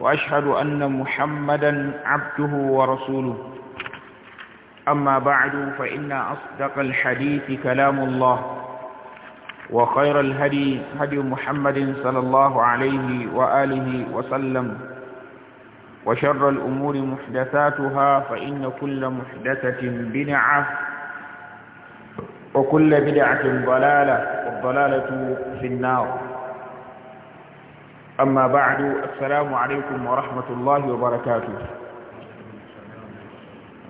وأشهد أن محمدا عبده ورسوله أما بعد فإن أصدق الحديث كلام الله وخير الهدي هدي محمد صلى الله عليه وآله وسلم وشر الأمور محدثاتها فإن كل محدثة بنعة وكل بدعة ضلالة والضلالة في النار أما بعد السلام عليكم ورحمة wa barakatu.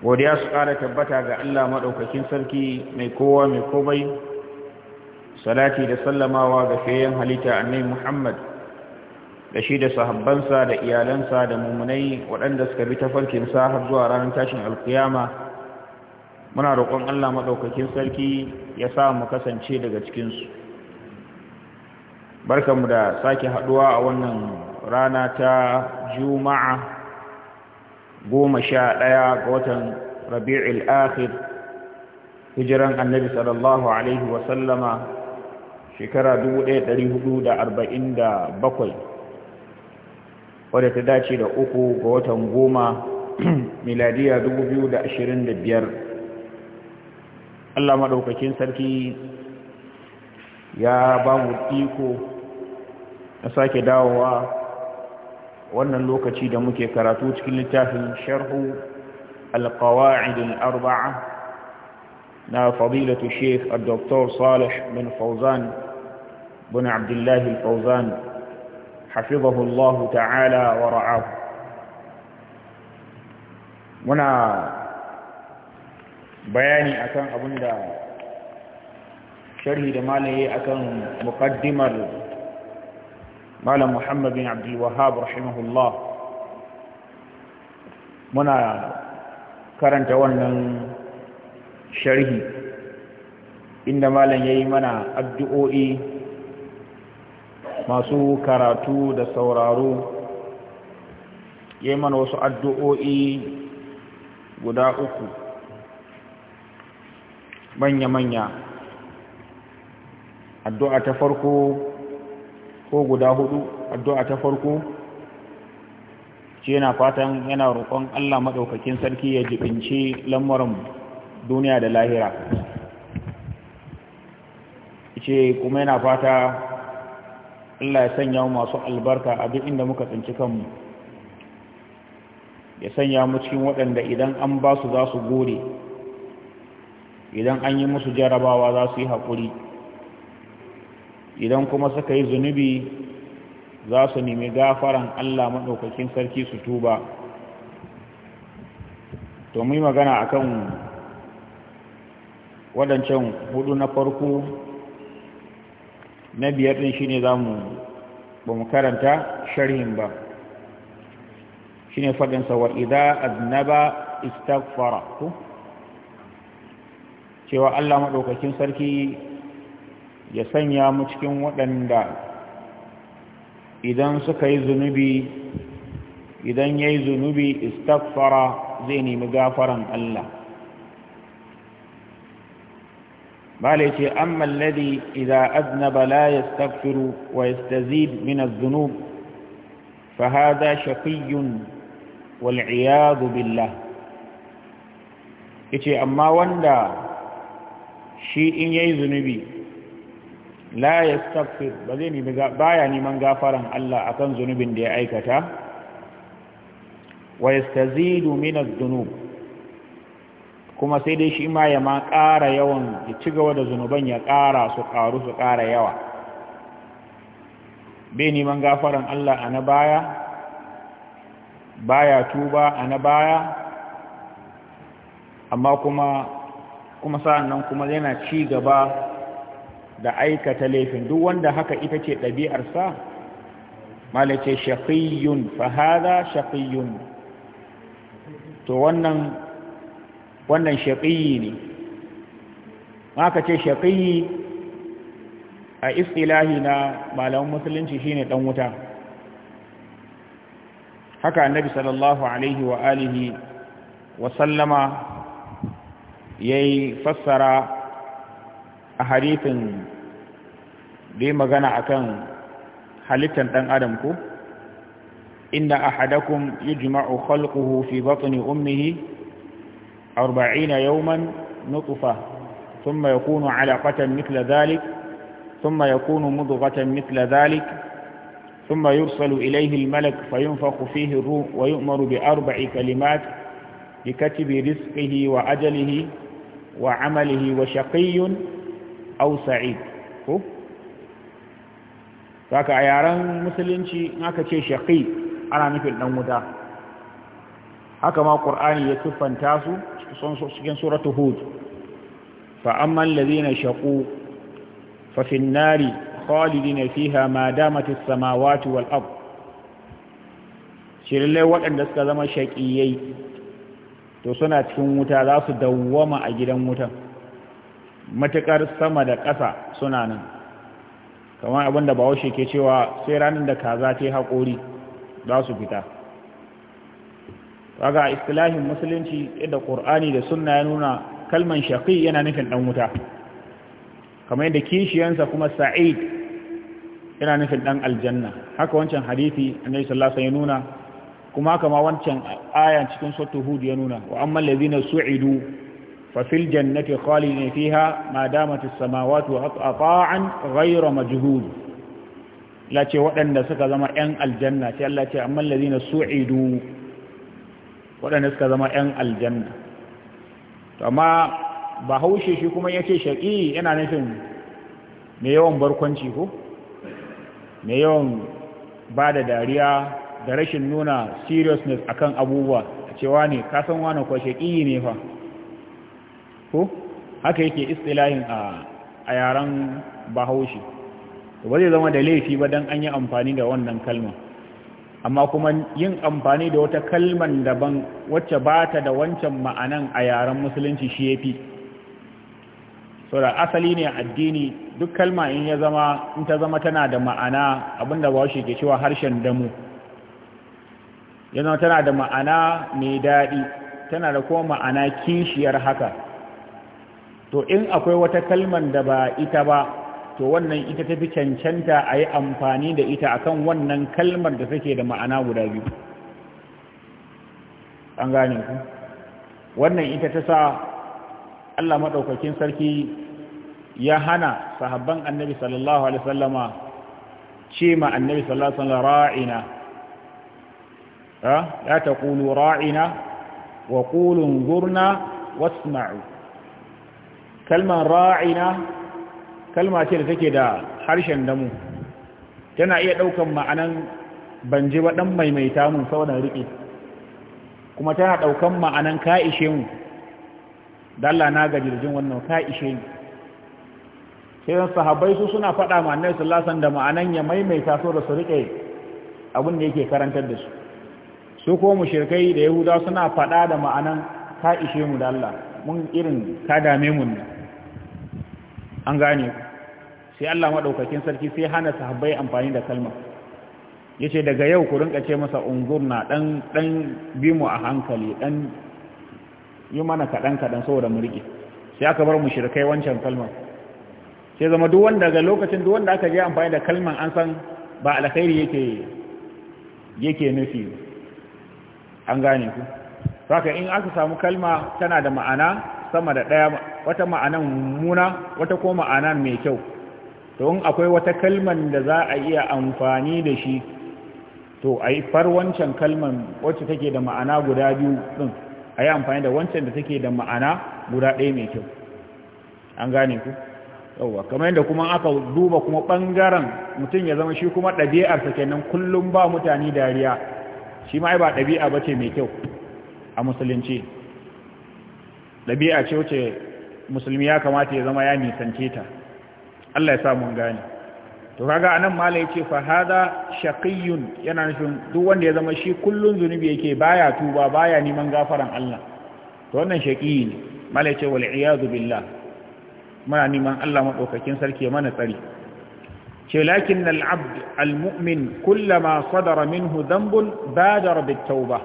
godiya su ƙara tabbata ga Allah maɗaukakin sarki mai kowa mai komai salati da sallamawa ga fayyan halitta a annai Muhammad da shi da sahabbansa da iyalansa da mummunai waɗanda suka bi ta tafarkinsa har zuwa ranar tashin alkiyama muna roƙon Allah maɗaukakin sarki ya sa mu kasance daga cikinsu barkanmu da sake haduwa a wannan rana ta juma'a goma sha ɗaya ga watan rabi'ul akhir hijiran annabi sallallahu alaihi wasallama shekara bakwai wadda ta dace da uku ga watan goma miladiya biyar. Allah maɗaukakin sarki ya ba mu iko na sake dawowa wannan lokaci da muke karatu cikin littafin sharhu alkawa'id al'arba'a na fadilatu sheikh al-doktor salih bin fauzan bin abdullahi fauzan hafizahullahu ta'ala wa ra'ahu muna bayani akan abin da sharhi da malaye akan muqaddimar malam muhammad bin abdul rahimahullah muna karanta wannan sharhi inda malam yayi mana addu'o'i masu karatu da sauraro yayi mana wasu addu'o'i guda uku manya-manya addu'a ta farko ko guda hudu addu'a ta farko ce yana fatan yana roƙon Allah maɗaukakin sarki ya jibinci lamuran duniya da lahira ce kuma yana fata Allah ya sanya masu albarka a duk inda muka tsinci kanmu ya sanya mu cikin waɗanda idan an ba su za su gore idan an yi musu jarabawa za su yi haƙuri idan kuma suka yi zunubi za su nemi gafaran Allah maɗaukakin sarki su tuba to mu yi magana a akan waɗancan hudu na farko na biyar ɗin shine za mu ba mu karanta sharhin ba Shi shine faɗinsa wa idza aznaba ku cewa Allah maɗaukakin sarki ya sanya mu cikin waɗanda idan suka yi zunubi idan ya yi zunubi istaghfara zai nemi gafaran Allah bala ce amma alladhi idza aznaba la yastaghfiru wa yastazid min adh fa hadha shaqiyyun wal iyad billah yace amma wanda shi in yayi zunubi la yastaghfir ba zai nemi ya neman gafaran Allah akan zunubin da ya aikata wa yastazidu min adh-dhunub kuma sai dai shi ma ya ma ƙara yawan ya ci gaba da zunuban ya ƙara su ƙaru su ƙara yawa bai neman gafaran Allah a na baya baya tuba a na baya amma kuma kuma sa'an nan kuma yana ci gaba da aikata laifin duk wanda haka ita ce ɗabi'arsa malace shaqiyyun fa hadha shaqiyyun to wannan wannan shaqiyyi ne haka ce shaqiyyi a istilahi na malaman musulunci shine dan wuta haka annabi sallallahu alaihi wa alihi wa sallama yayi fassara a harifin da yi magana a kan halittar ɗan adam ku inda ko inna ahadakum yujma'u khalquhu fi batni ummihi 40 yawman nutfa thumma yakunu 'alaqatan mithla dhalik ثم يكون مضغة مثل ذلك ثم يرسل إليه الملك فينفخ فيه الروح riskihi wa ajalihi wa amalihi wa shaƙiyun au أو سعيد saka a yaren musulunci in aka ce shaƙi ana nufin ɗan wuta haka ma ƙur'ani ya tuffanta su cikin suratul hud fa amma alladhina shaqu fa fi an-nari khalidina fiha ma damat as-samawati wal ard shirillai waɗanda suka zama shaƙiyai to suna cikin wuta za su dawwama a gidan wutan matuƙar sama da ƙasa suna nan kamar abin da bahaushe ke cewa sai ranar da kaza ta yi haƙori za su fita kaga istilahin musulunci yadda ƙur'ani da suna ya nuna kalman shaƙi yana nufin ɗan wuta kamar yadda kishiyansa kuma sa'id yana nufin ɗan aljanna haka wancan hadithi annabi sallallahu sallasa ya nuna kuma haka wancan ayan cikin suratul ya nuna wa'amman amma su'idu ففي الجنة خالين فيها ما دامت السماوات أطاعا غير مجهود لا تي ودن ده suka zama ɗan aljanna sai Allah ya ce amman ladina su'idu wadanda suka zama ɗan aljanna to ba haushe shi kuma yace shaqi yana nufin me yawan barkwanci ko me yawan ba da dariya da rashin nuna seriousness akan abubuwa cewa ne ka san wani ko shaqi ne fa ko haka yake istilahin a a yaren bahaushe ba zai zama da laifi ba dan an yi amfani da wannan kalma amma kuma yin amfani da wata kalman daban wacce ba ta da wancan ma'anan a yaren musulunci shi ya fi saboda asali ne addini duk kalma in ya zama in ta zama tana da ma'ana abinda bahaushe ke cewa harshen damu yana tana da ma'ana mai daɗi tana da kuma ma'ana kishiyar haka to in akwai wata kalman da ba ita ba to wannan ita tafi cancanta a yi amfani da ita akan wannan kalmar da take da ma'ana guda biyu an gane ku wannan ita ta sa Allah maɗaukakin sarki ya hana sahabban annabi sallallahu alaihi sallama ce ma annabi sallallahu alaihi sallama ra'ina ya ta ƙulu ra'ina wa ƙulun gurna wasu kalmar ra'ina kalma ce da take da harshen damu tana iya ɗaukan ma'anan ban ji ba ɗan maimaita mun saboda riƙe kuma tana ɗaukan ma'anan ka ishe mu dalla na gaji da jin wannan ka ishe ni sai yan sahabbai su suna faɗa ma annabi sallallahu da ma'anan ya maimaita so da su riƙe abin da yake karantar da su su ko mushirkai da yahudawa suna faɗa da ma'anan ka mu da Allah mun irin ka dame mu ne an gane sai Allah maɗaukakin sarki sai hana sahabbai amfani da kalmar ya ce daga yau ku rinka ce masa unzurna ɗan bi mu a hankali ɗan yi mana kaɗan-kaɗan saboda mu rike sai aka bar mu shirkai wancan kalmar sai zama duk wanda daga lokacin duk wanda aka je amfani da kalmar an san ba alkhairi yake yake nufi an gane ku saka in aka samu kalma tana da ma'ana sama da ɗaya wata ma'anan muna wata ko ma'ana mai kyau to in akwai wata kalman da za a iya amfani da shi to a yi far wancan kalman wacce take da ma'ana guda biyu ɗin a yi amfani da wancan da take da ma'ana guda ɗaya mai kyau an gane ku yauwa kamar yadda kuma aka duba kuma ɓangaren mutum ya zama shi kuma ɗabi'arsa kenan kullum ba mutane dariya shi ma ba ɗabi'a ba ce mai kyau a musulunci ɗabi'a ce wuce musulmi ya kamata ya zama ya nisance ta Allah ya samu gane to kaga anan mala yace fa hada yana nufin duk wanda ya zama shi kullun zunubi yake baya tuba baya neman gafaran Allah to wannan shaqi ne mala yace wal iyad billah muna neman Allah madaukakin sarki mana tsari ce lakin al abd al mu'min kullama sadara minhu dhanbun badara bit tauba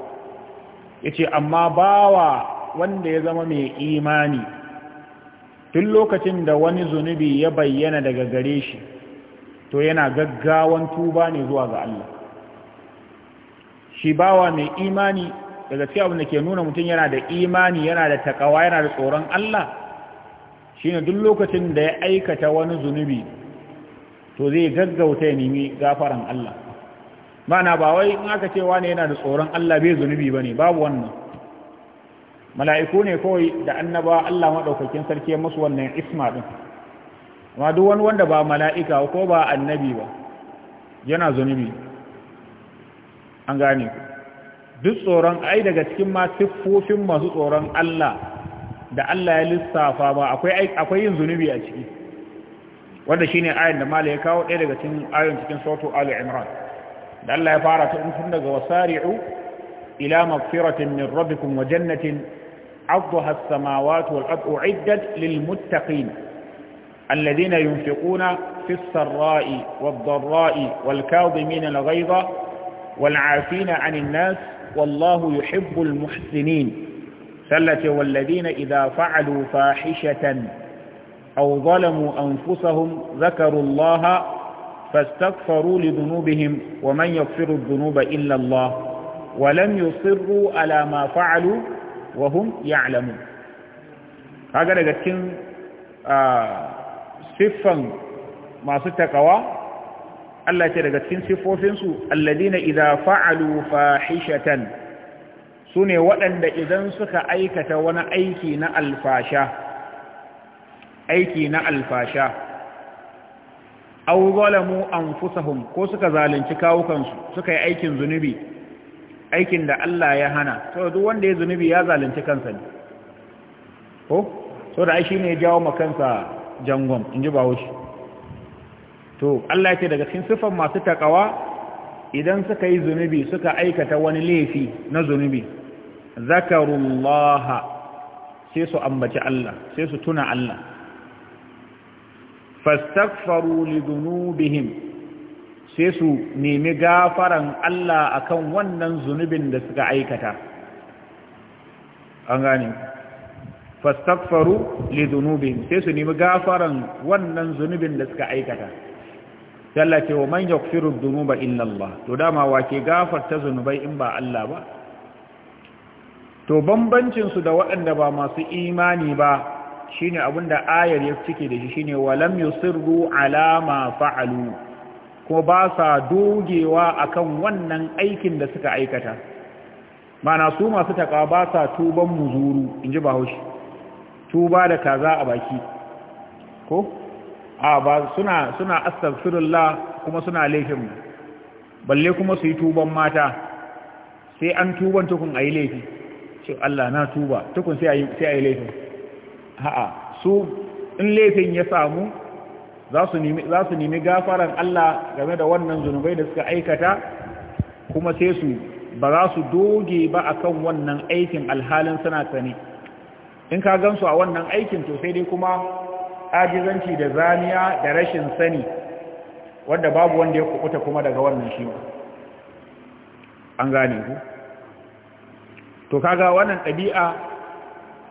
yace amma bawa wanda ya zama mai imani tun lokacin da wani zunubi ya bayyana daga gare shi to yana gaggawan tuba ne zuwa ga Allah shi bawa mai imani daga cewa abin da ke nuna mutum yana da imani yana da takawa yana da tsoron Allah shi ne duk lokacin da ya aikata wani zunubi to zai gaggauta ya nemi gafaran Allah ma'ana ba wai in aka cewa ne yana da tsoron Allah bai zunubi ba ne babu wannan mala'iku ne kawai da annaba Allah maɗaukakin sarki ya musu wannan isma ɗin amma duk wani wanda ba mala'ika ko ba annabi ba yana zunubi an gane duk tsoron ai daga cikin ma siffofin masu tsoron Allah da Allah ya lissafa ba akwai yin zunubi a ciki wanda shine ayin da mala ya kawo ɗaya daga cikin ayoyin cikin suratu Ali Imran da Allah ya fara ta tun daga wasari'u ila magfiratin min rabbikum wa jannatin عضها السماوات والأرض أعدت للمتقين الذين ينفقون في السراء والضراء والكاظمين الغيظ والعافين عن الناس والله يحب المحسنين ثلة والذين إذا فعلوا فاحشة أو ظلموا أنفسهم ذكروا الله فاستغفروا لذنوبهم ومن يغفر الذنوب إلا الله ولم يصروا على ما فعلوا wa hum ya'lamun kaga daga cikin siffan masu takawa Allah ce daga cikin siffofinsu alladina idza fa'alu fahishatan sune waɗanda idan suka aikata wani aiki na alfasha aiki na alfasha aw zalamu anfusahum ko suka zalunci kawukansu suka yi aikin zunubi aikin da Allah ya hana to duk wanda ya zunubi ya zalunci kansa ne ko so da ai ne ya jawo ma kansa jangon inji bawo shi to Allah ya ce daga cikin sifan masu takawa idan suka yi zunubi suka aikata wani laifi na zunubi zakarullaha sai su ambaci Allah sai su tuna Allah fastaghfaru lidunubihim sai su nemi gafaran Allah akan wannan zunubin da suka aikata an gane fastaghfaru li zunubin. sai su nemi gafaran wannan zunubin da suka aikata Allah ce wa man yaghfiru dhunuba illa Allah to dama wace gafarta zunubai in ba Allah ba to bambancin su da waɗanda ba masu imani ba shine abinda ayar ya cike da shi shine walam yusirru ala ma fa'alu kuma ba sa dogewa akan wannan aikin da suka aikata mana su masu taƙa ba sa tuban muzuru in ji bahaushe tuba da kaza a baki ko a ba suna suna astaghfirullah kuma suna laifin balle kuma su yi tuban mata sai an tuban tukun ayi laifi ce Allah na tuba tukun sai ayi sai ayi laifin a'a su in laifin ya samu za su nemi gafaran Allah game da wannan zunubai da suka aikata kuma sai su ba za su doge ba akan wannan aikin alhalin suna sani in ka gansu a wannan aikin to sai dai kuma ajizanci da zaniya da rashin sani wadda babu wanda ya kubuta kuma daga wannan shi an gane ku to kaga wannan ɗabi'a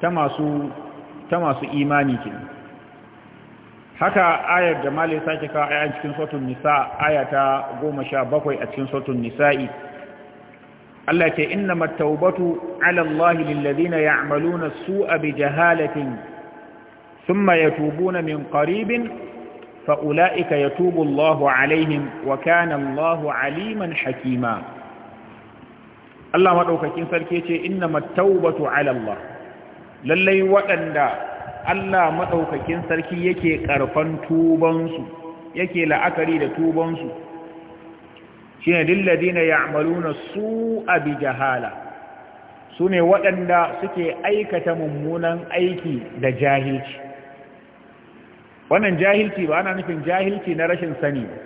ta masu imani kenan haka ayar da malai sake kawo cikin sautun nisa aya ta goma sha bakwai a cikin sautun nisa'i Allah ke inna mattaubatu ala ya lillazina na su'a bi jahalatin ya tubuna min ƙaribin, fa ulaika yatubu Allah alaihim wa kana Allah aliman hakima Allah maɗaukakin sarki ce inna mattaubatu ala lallai waɗanda Allah maɗaukakin sarki yake ƙarfan tubansu yake la'akari da tubansu shi ne dilladina Ya'amalu na su a bijahala su ne waɗanda suke aikata mummunan aiki da jahilci wannan jahilci ba ana nufin jahilci na rashin sani ba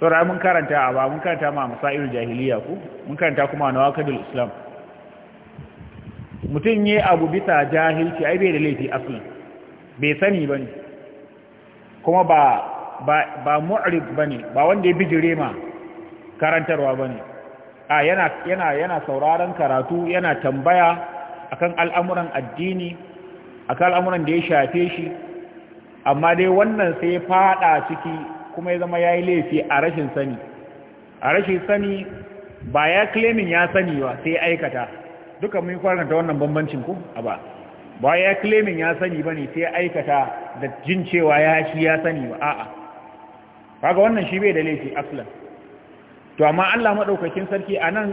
saura mun karanta a ba mun karanta ma jahiliya ku mun karanta kuma na wakadul islam mutum ya abu bisa jahilci ai bai da laifi asali bai sani ba ne kuma ba ba ba ne ba wanda ya bijire ma karantarwa ba ne a yana yana sauraron karatu yana tambaya akan al'amuran addini akan al'amuran da ya shafe shi amma dai wannan sai fada ciki kuma ya zama ya yi laifi a rashin sani a rashin sani ba ya claiming ya sani ba sai aikata duka mun fara da wannan bambancin ku a ba ba ya claiming ya sani ba ne sai aikata da jin cewa ya shi ya sani ba a'a kaga wannan shi bai da laifi aslan to amma Allah madaukakin sarki anan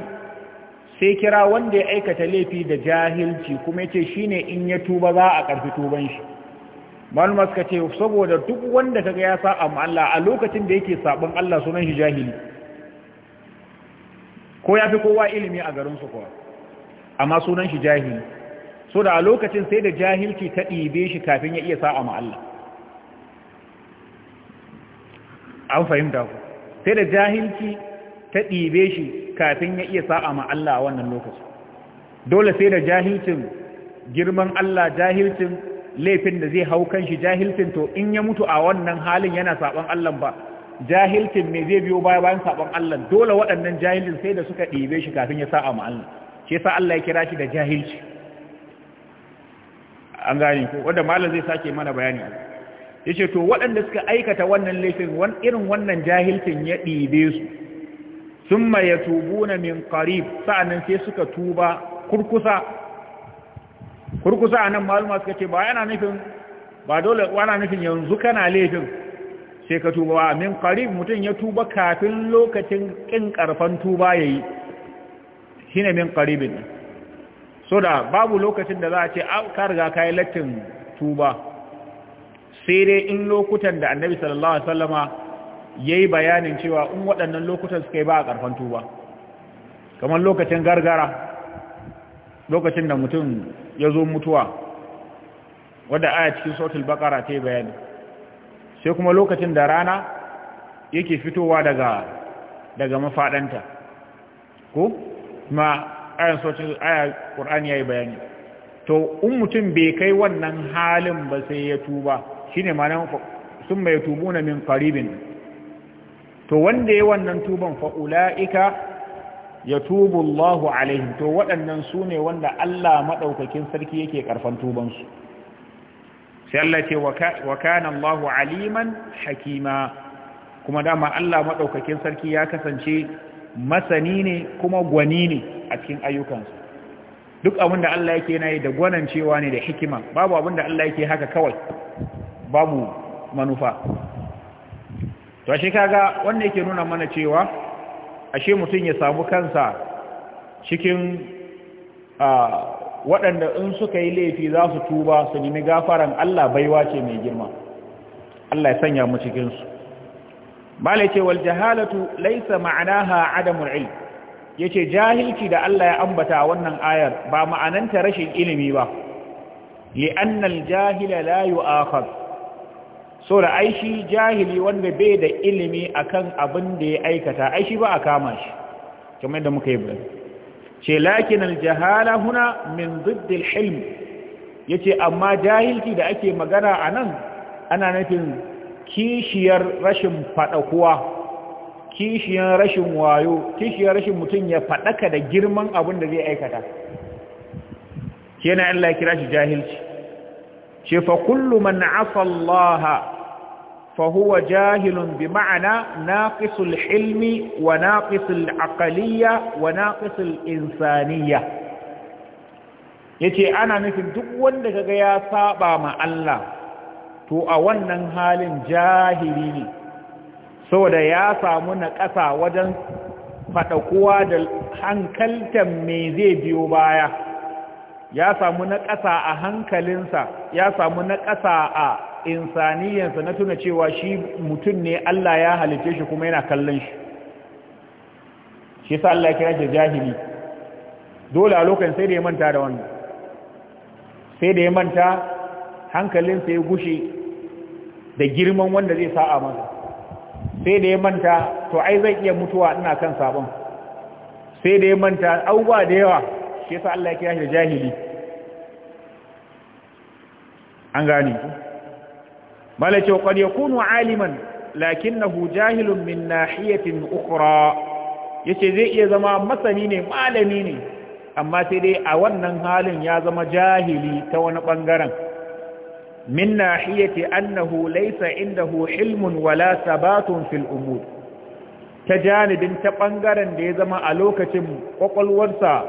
sai kira wanda ya aikata laifi da jahilci kuma yace shine in ya tuba za a karfi tuban shi malama suka ce saboda duk wanda kaga ya sa amma Allah a lokacin da yake sabon Allah sunan shi jahili ko fi kowa ilimi a garin su kowa amma sunan shi jahili so da a lokacin sai da jahilci ta ɗibe shi kafin ya iya sa'a ma Allah an fahimta ku sai da jahilci ta ɗibe shi kafin ya iya sa'a ma Allah a wannan lokaci dole sai da jahilcin girman Allah jahilcin laifin da zai hau kan shi jahilcin to in ya mutu a wannan halin yana saban Allah ba jahilcin me zai biyo baya bayan saban Allah dole waɗannan jahilin sai da suka ɗibe shi kafin ya sa'a ma Allah ce sa Allah ya kira shi da jahilci an gane ko wanda malam zai sake mana bayani yace to waɗanda suka aikata wannan laifin wan irin wannan jahilcin ya ɗibe su summa yatubuna min qarib sa'annan sai suka tuba kurkusa kurkusa anan maluma suka ce ba yana nufin ba dole wana nufin yanzu kana laifin sai ka tuba min qarib mutun ya tuba kafin lokacin kin karfan tuba yayi shine min qaribin so da babu lokacin da za a ce ah, ka riga kai lattin tuba sai dai in lokutan da annabi sallallahu alaihi wasallama yayi bayanin cewa in waɗannan lokutan suka yi ba a karfan tuba kamar lokacin gargara lokacin da mutum ya zo mutuwa wadda aya cikin sautul bakara ta yi bayani sai kuma lokacin da rana yake fitowa daga daga mafaɗanta ko ma ayan sautin aya ƙur'ani ya yi bayani to in mutum bai kai wannan halin ba sai ya tuba shine ma'anar sun mai tubu na min karibin to wanda ya wannan tuban fa'ula'ika ya tubu Allahu alaihim to waɗannan su ne wanda Allah maɗaukakin sarki yake ƙarfan tubansu sai Allah ce wa kana Allahu aliman hakima kuma dama Allah maɗaukakin sarki ya kasance masani ne kuma gwani ne a cikin ayyukansu duk abin da Allah yake na yi da gwanan cewa ne da hikima babu abin da Allah yake haka kawai babu manufa to shi kaga wanda yake nuna mana cewa ashe mutum ya samu kansa cikin waɗanda in suka yi laifi za su tuba su nemi gafaran Allah baiwa ce mai girma Allah ya sanya mu cikinsu bala ce wal jahalatu laisa ma'anaha adamul ilm yace jahilci da Allah ya ambata wannan ayar ba ma'ananta rashin ilimi ba li'anna al-jahila la yu'akhad so da ai shi jahili wanda bai da ilimi akan abin da ya aikata ai shi ba a kama shi kamar yadda muka yi ba. ce lakin al-jahala huna min zidd al yace amma jahilci da ake magana anan ana nufin kishiyar rashin faɗakuwa kishiyar rashin wayo kishiyar rashin mutum ya faɗaka da girman abin da zai aikata shi yana Allah kira shi jahilci ce fa kullu man afa Allah fa huwa jahilun bi ma'ana naqisul ilmi wa naqisul aqaliyya wa naqisul insaniyya yace ana nufin duk wanda kaga ya saba ma Allah to a wannan halin jahili ne saboda ya samu na ƙasa wajen faɗaƙuwa da hankaltar me zai biyo baya ya samu na ƙasa a hankalinsa ya samu na ƙasa a insaniyansa na tuna cewa shi mutum ne Allah ya halice shi kuma yana kallon shi shi sa Allah kira shi jahili dole a lokacin sai da ya manta da wannan sai da ya manta hankalinsa ya gushe da girman wanda zai sa'a masa sai da ya manta to ai zai iya mutuwa ina kan sabon sai da ya manta abubuwa da yawa shi yasa Allah ya kira shi da jahili an gane ku malaka wa qad yakunu aliman lakinnahu jahilun min nahiyatin ukhra yace zai iya zama masani ne malami ne amma sai dai a wannan halin ya zama jahili ta wani bangaren min nahiyati annahu laysa indahu hilmun wala sabatun fil umur ta janibin ta bangaren da ya zama a lokacin kwakwalwarsa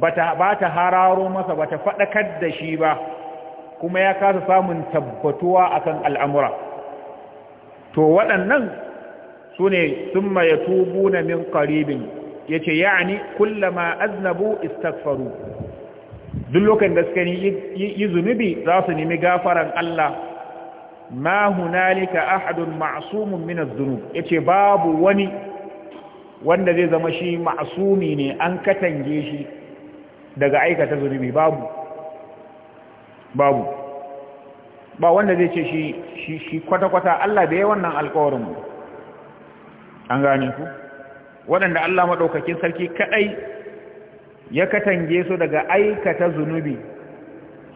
bata bata hararo masa bata fadakar da shi ba kuma ya kasa samun tabbatuwa akan al'amura to waɗannan su ne summa yatubuna min qaribin yace ya'ni kullama aznabu istaghfaru duk lokacin da suka yi zunubi za su nemi gafaran Allah ma hunalika ahadun ma'sumun min az Ya yace babu wani wanda zai zama shi ma'sumi ne an katange shi daga aikata zunubi babu babu ba wanda zai ce shi shi kwata-kwata Allah bai wannan alƙawarin an gane ku waɗanda Allah madaukakin sarki kadai ya katange su daga aikata zunubi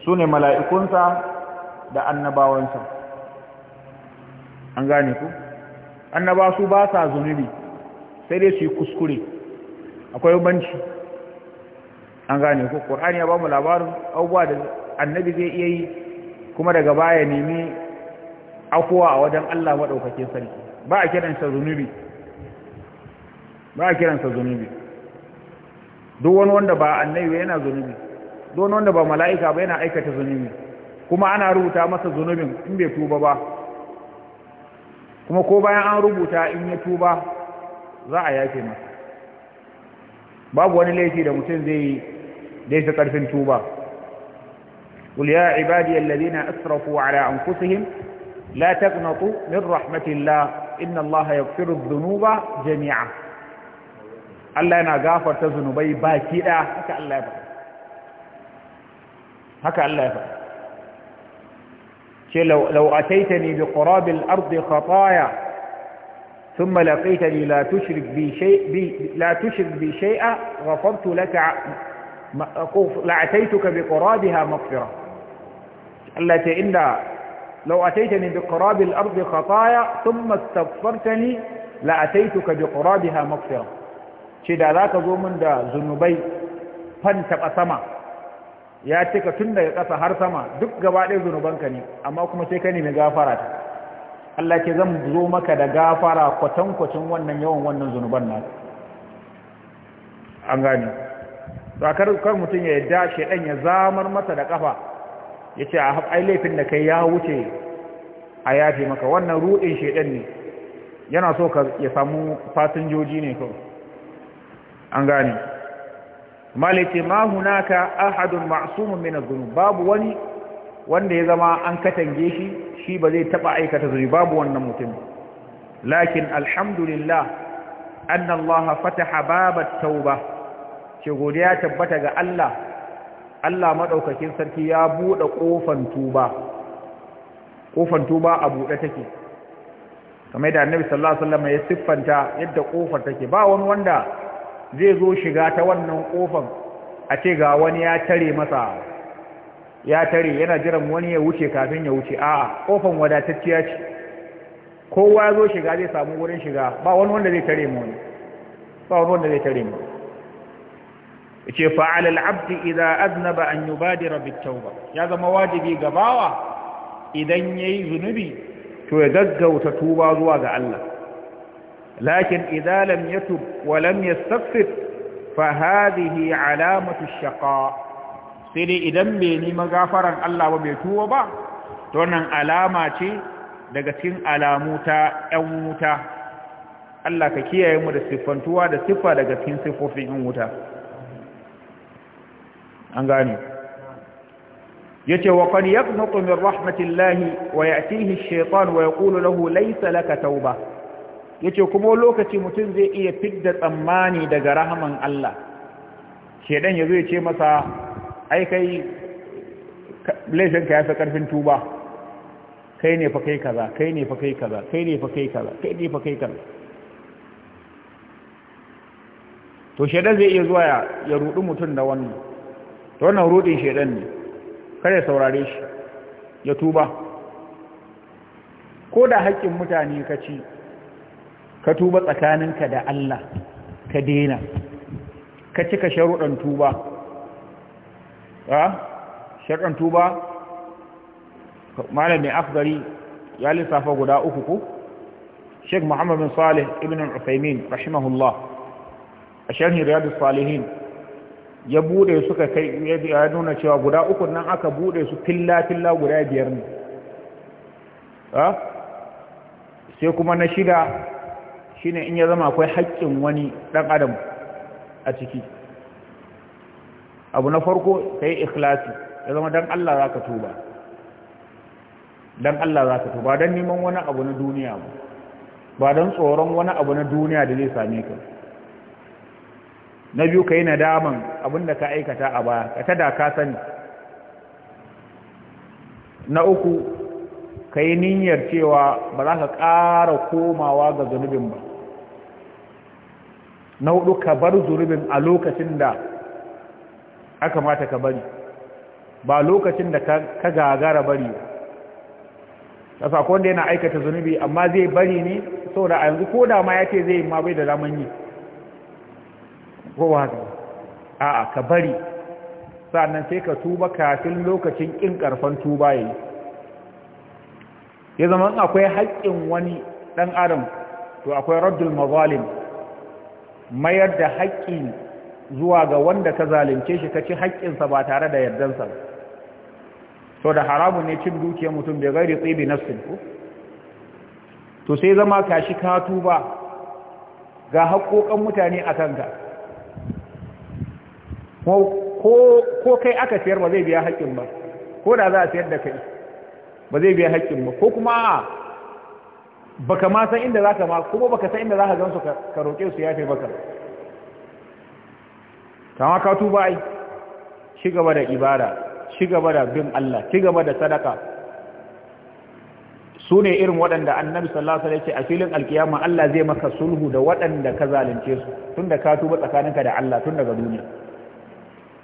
su ne mala'ikunsa da annabawansa an gane ku annaba su ba sa zunubi sai dai su yi kuskure akwai banci an gane ku ƙorani ya ba mu labarin abubuwa da annabi zai iya yi kuma daga baya nemi afuwa a wajen Allah maɗaukakin sarki ba a kiransa zunubi ba a kiransa zunubi duk wani wanda ba annabi yana zunubi duk wani wanda ba mala'ika ba yana aikata zunubi kuma ana rubuta masa zunubin in bai tuba ba kuma ko bayan an rubuta in ya tuba za a yafe masa babu wani laifi da mutum zai da ya karfin tuba قل يا عبادي الذين أسرفوا على أنفسهم لا تقنطوا من رحمة الله إن الله يغفر الذنوب Allah yana gafarta zunubai baki daya haka Allah ya haka Allah ya faɗa ce law ataitani bi qurabil ardi khataaya thumma laqaitani la tushrik bi shay bi la tushrik bi shay'a ghafartu laka aqul la ataituka bi qurabiha maghfira Allah ta inda law ataitani bi qurabil ardi khataaya thumma astaghfartani la'ataituka bi qurabiha maghfira ce da za ka zo min da zunubai fan taɓa sama ya cika tun daga ƙasa har sama duk gaba ɗaya zunubanka ne amma kuma sai ka nemi gafara ta Allah ke zan zo maka da gafara kwatankwacin wannan yawan wannan zunuban na an gane a kan mutum ya yadda shedan ya zamar masa da kafa ya ce a ai laifin da kai ya wuce a yafe maka wannan ruɗin shedan ne yana so ya samu fasinjoji ne kawai an gane malaiti ma hunaka ahadun ma'sumun min adh babu wani wanda ya zama an katange shi shi ba zai taba aikata zuri babu wannan mutum lakin alhamdulillah annan Allah fataha babat tauba ce godiya tabbata ga Allah Allah maɗaukakin sarki ya bude kofan tuba tuba a bude take kamar da Annabi sallallahu alaihi wasallam ya siffanta yadda kofar take ba wani wanda zai zo shiga ta wannan kofan a ce ga wani ya tare masa ya tare yana jiran wani ya wuce kafin ya wuce a'a kofan wadatacciya ce kowa zo shiga zai samu wurin shiga ba wani wanda zai tare mu ne ba wani wanda zai tare mu yace fa 'ala al-'abd idza aznaba an yubadira bit-tauba ya zama wajibi ga bawa idan yayi zunubi to ya gaggauta tuba zuwa ga Allah لكن إذا لم يتب ولم يستغفر فهذه علامة الشقاء سيدي إذا بيني مغافرا الله وبيتوه با تونا علامة daga cikin alamu ta ‘yan wuta, Allah ka kiyaye mu da siffantuwa da siffa daga cikin siffofin ‘yan wuta. An gane. Ya ce, wa kan yaƙi min rahmatillahi wa ya tihi shaitan wa ya ƙulu lahu laisa laka tauba. yace kuma lokaci mutum zai iya fidda tsammani daga rahaman Allah shedan yazo ya masa ai kai laifin ka fi karfin tuba kai ne fa kai kaza kai ne fa kai kaza kai ne fa kai kaza kai ne fa kai kaza to shedan zai iya zuwa ya rudu mutum da wannan to wannan rudin shedan ne kare saurare shi ya tuba ko da haƙƙin mutane ka ci ka tuba tsakaninka da Allah ka dena ka cika sharuɗan tuba sharuɗan tuba malamin afgari ya lissafa guda uku ku sheik muhammad bin salih ibn al-usaimin rahimahullah a sharhin riyadu salihin ya bude suka kai ya nuna cewa guda uku nan aka bude su filla-filla guda biyar ne sai kuma na shida shine in ya zama akwai haƙƙin wani ɗan adam a ciki abu na farko ka yi ikhlasi ya zama don Allah za ka tuba don Allah za ka tuba don neman wani abu na duniya ba don tsoron wani abu na duniya da zai same ka na biyu ka yi nadaman abinda ka aikata a baya ka tada ka sani na uku ka yi niyyar cewa ba za ka ƙara komawa ga zunubin ba na hudu ka bar zurubin a lokacin da aka mata ka bari ba lokacin da ka gagara bari ba sakon da yana aikata zunubi amma zai bari ne saboda a yanzu ko da ma ya ce zai ma bai da zaman yi ko ba haka a'a ka bari sannan sai ka tuba kafin lokacin ƙin karfan tuba yi. ya zama akwai haƙƙin wani ɗan adam to akwai raddul mazalim mayar da haƙƙi zuwa ga wanda ka zalunce shi ka ci haƙƙinsa ba tare da yardansa ba so da haramun ne cin dukiyar mutum bai gari tsibi na sinku to sai zama ka shi ka tuba ga haƙoƙan mutane a kanka ko kai aka siyar ba zai biya haƙƙin ba ko da za a siyar da kai ba zai biya haƙƙin ba ko kuma baka ma san inda zaka ma kuma baka san inda zaka gansu ka roke su yafe baka kama ka tuba ai ci gaba da ibada ci gaba da bin Allah ci gaba da sadaka su ne irin waɗanda annabi sallallahu alaihi wasallam ya ce a filin alkiyama Allah zai maka sulhu da waɗanda ka zalunce su tunda ka tuba tsakaninka da Allah tun daga duniya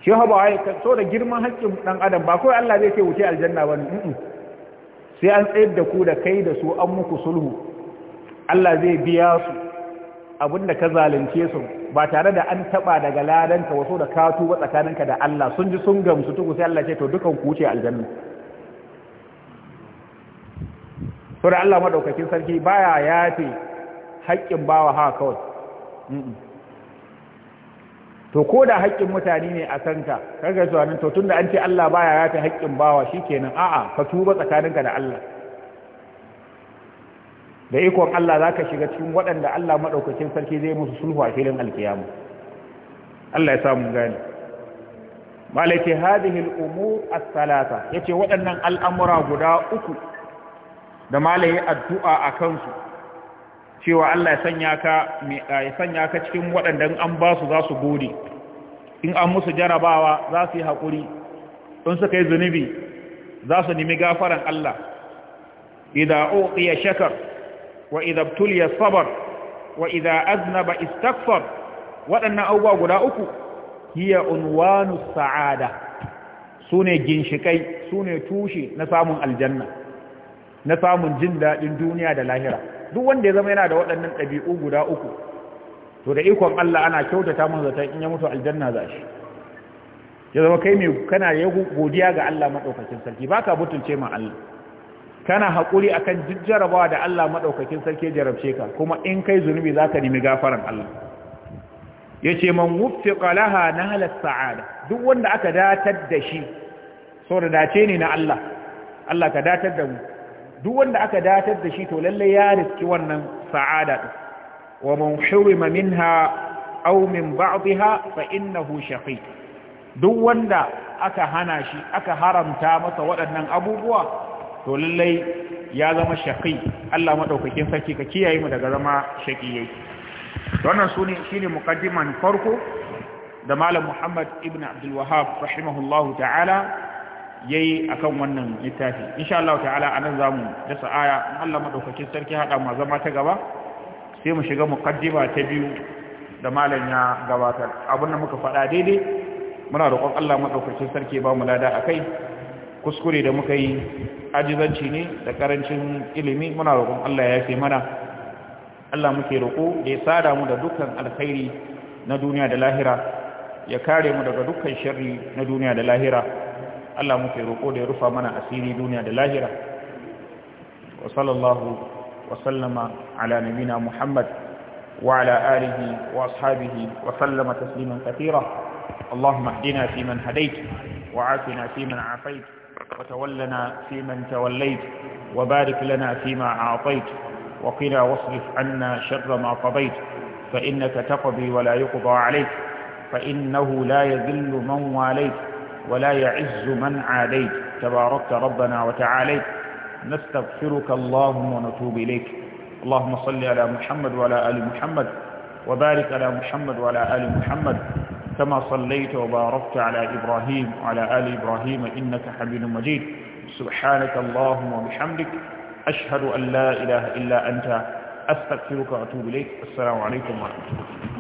shi haba ai so da girman haƙƙin dan adam ba kawai Allah zai ce wuce aljanna ba ne sai an tsayar da ku da kai da su an muku sulhu Allah zai biya su abinda ka zalunce su ba tare da an taba daga ladanka waso da ka tuba tsakaninka da Allah sun ji sun gamsu tuku sai Allah ce to dukan ku ce aljanna da Allah madaukakin sarki baya yafe haƙƙin bawa ha kawai to ko da haƙƙin mutane ne a kanka kaga zuwa nan to tunda an ce Allah baya ya ta haƙƙin bawa shikenan a'a ka tuba tsakaninka da Allah da ikon Allah zaka shiga cikin waɗanda Allah madaukakin sarki zai musu sulhu a filin alkiyama Allah ya samu gani malaki hadhihi al-umur as-salata yace waɗannan al'amura guda uku da malaye addu'a akan su cewa Allah ya sanya ka cikin waɗanda in an ba su za su gode in an musu jarabawa za su yi haƙuri in suka yi zunubi za su nemi gafaran Allah idza uqiya shakar wa idza ibtuliya sabar wa idza aznaba istakfar waɗannan abubuwa guda uku hiya unwanu sa'ada sune ginshikai sune tushe na samun aljanna na samun jin daɗin duniya da lahira duk wanda ya zama yana da waɗannan ɗabi'u guda uku to da ikon Allah ana kyautata mun zaton in ya mutu aljanna za shi ya zama kai mai kana ya godiya ga Allah maɗaukakin sarki ba butulce ma Allah kana haƙuri akan duk jarabawa da Allah maɗaukakin sarki jarabce ka kuma in kai zunubi za ka nemi gafaran Allah ya ce man wuffi ƙalaha na halar sa'ada duk wanda aka datar da shi saboda dace ne na Allah Allah ka datar da mu duk wanda aka datar da shi to lalle ya riski wannan sa'ada wa man hurima minha aw min ba'dha fa innahu shaqi duk wanda aka hana shi aka haramta masa waɗannan abubuwa to lalle ya zama shaqi Allah madaukakin sarki ka kiyaye mu daga zama shaqiyai wannan sune shine muqaddiman farko da malam Muhammad ibn Abdul Wahhab rahimahullahu ta'ala yayi akan wannan littafi insha Allah ta'ala anan zamu dasa aya Allah madaukakin sarki hada mu zama ta gaba sai mu shiga muqaddima ta biyu da malam ya gabatar abin da muka faɗa daidai muna roƙon Allah madaukakin sarki ba mu lada akai kuskure da muka yi ajizanci ne da karancin ilimi muna roƙon Allah ya yafe mana Allah muke roƙo da ya sada mu da dukkan alkhairi na duniya da lahira ya kare mu daga dukkan sharri na duniya da lahira Allah muke roƙo da ya rufa mana asiri duniya da lahira wa sallallahu wa sallama ala nabina Muhammad wa ala alihi wa ashabihi wa sallama tasliman kathira Allahumma ihdina fi man hadait wa afina fi man afait wa tawallana fi man tawallait wa barik lana fi ma a'tait wa qina wasrif anna sharra ma qadait fa innaka taqdi wa la yuqda alayk fa innahu la yadhillu man walayt ولا يعز من عاديت تباركت ربنا وتعاليت نستغفرك اللهم ونتوب إليك اللهم صل على محمد وعلى آل محمد وبارك على محمد وعلى آل محمد كما صليت وباركت على إبراهيم وعلى آل إبراهيم إنك حميد مجيد سبحانك اللهم وبحمدك أشهد أن لا إله إلا أنت أستغفرك وأتوب إليك السلام عليكم ورحمة الله